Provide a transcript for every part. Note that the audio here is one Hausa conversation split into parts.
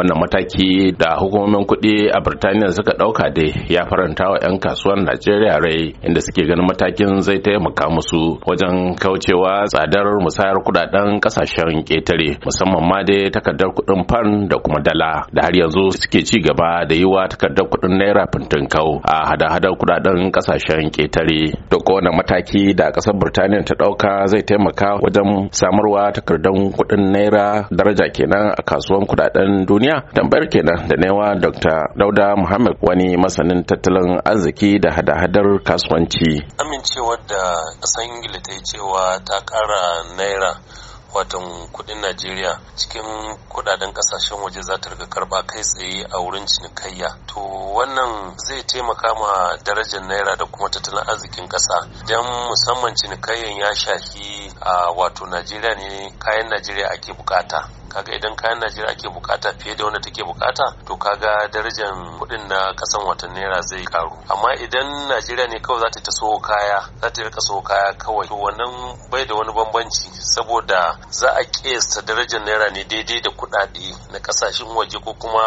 wannan mataki da hukumomin kuɗi a birtaniya suka ɗauka dai ya faranta wa 'yan kasuwar najeriya rai inda suke ganin matakin zai taimaka musu wajen kaucewa tsadar musayar kudaden kasashen ƙetare musamman ma dai takardar kuɗin fan da kuma dala da har yanzu suke ci gaba da yi wa takardar kuɗin naira fintinkau a hada-hadar kudaden kasashen ƙetare da kowane mataki da ƙasar birtaniya ta ɗauka zai taimaka wajen samarwa takardar kuɗin naira daraja kenan a kasuwan kudaden duniya duniya tambayar kenan da newa dr dauda muhammad wani masanin tattalin arziki da hada-hadar kasuwanci amincewar da ƙasar ingila ta yi cewa ta ƙara naira watan kudin najeriya cikin kudaden kasashen waje za ta riga karba kai tsaye a wurin cinikayya to wannan zai taimaka ma darajar naira da kuma tattalin arzikin kasa don musamman cinikayyan ya shafi a wato najeriya ne kayan najeriya ake bukata kaga idan kayan najeriya ake bukata fiye da wanda take bukata to kaga darajar kudin na kasan watan naira zai karu amma idan najeriya ne kawai za ta ta soho kaya za ta rika soho kaya kawai to wannan bai da wani bambanci saboda za a kesa darajar naira ne daidai da kuɗaɗe na kasashen waje ko kuma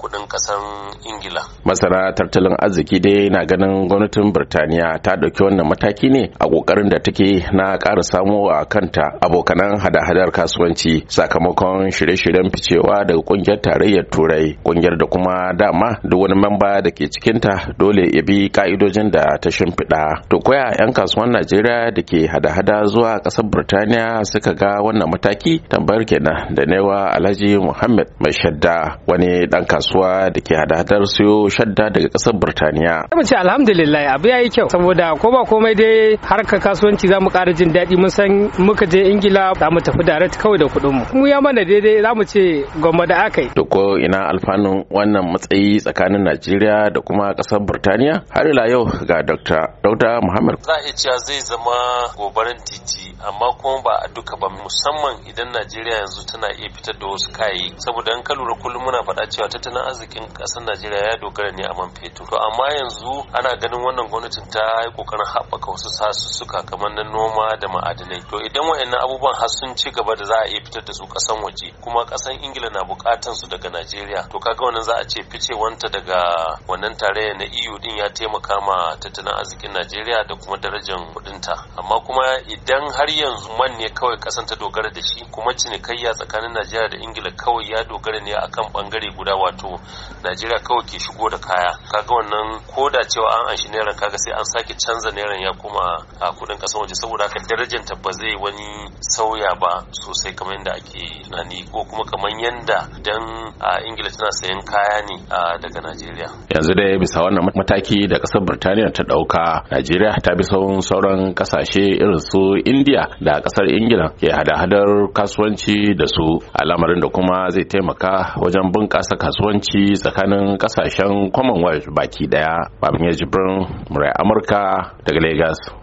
kudin kasan ingila masana tattalin arziki dai na ganin gwamnatin birtaniya ta dauki wannan mataki ne a ƙoƙarin da take na kara samo a kanta abokanan hada-hadar kasuwanci sakamakon kan shirye-shiryen ficewa daga kungiyar tarayyar turai kungiyar da kuma dama duk wani mamba da ke cikinta dole ya bi ka'idojin da ta shimfiɗa to koya 'yan kasuwan najeriya da ke hada-hada zuwa ƙasar birtaniya suka ga wannan mataki tambayar kenan da newa alhaji muhammad mai shadda wani ɗan kasuwa da ke hada-hadar siyo shadda daga ƙasar burtaniya ce alhamdulillah abu ya yi kyau saboda ko ba komai dai harkar kasuwanci za mu ƙara jin daɗi mun san muka je ingila za mu tafi da kawai da kuɗin mu mu ya mana daidai za mu ce gwamma da aka yi. da ko ina alfanun wannan matsayi tsakanin Najeriya da kuma ƙasar Burtaniya? Har ila yau ga Dr. Dauda Muhammad. Za a iya cewa zai zama gobarin titi amma kuma ba a duka ba musamman idan Najeriya yanzu tana iya fitar da wasu kayayyaki saboda in ka lura kullum muna faɗa cewa tattalin arzikin ƙasar Najeriya ya dogara ne a man fetur. To amma yanzu ana ganin wannan gwamnatin ta yi ƙoƙarin haɓaka wasu sasussuka kamar na noma da ma'adanai. To idan wa'annan abubuwan har sun ci gaba da za a iya fitar da su ƙasan waje waje kuma kasan ingila na bukatan su daga najeriya to kaga wannan za a ce ficewanta daga wannan tarayya na eu din ya taimaka ma tattalin arzikin najeriya da kuma darajar kudinta amma kuma idan har yanzu man ne kawai kasan ta dogara da shi kuma cinikayya tsakanin najeriya da ingila kawai ya dogara ne akan bangare guda wato najeriya kawai ke shigo da kaya kaga wannan ko da cewa an anshi naira kaga sai an sake canza naira ya kuma a kudin kasan waje saboda haka darajar ta ba zai wani sauya ba sosai kamar yadda ake nani kuɗi ko kuma kamar yanda dan ingila tana sayan kaya ne daga najeriya yanzu dai bisa wannan mataki da ƙasar birtaniya ta ɗauka najeriya ta bi sauran sauran ƙasashe irin su indiya da ƙasar ingila ke hada-hadar kasuwanci da su al'amarin da kuma zai taimaka wajen bunƙasa kasuwanci tsakanin ƙasashen commonwealth baki daya babin ya murai amurka daga lagos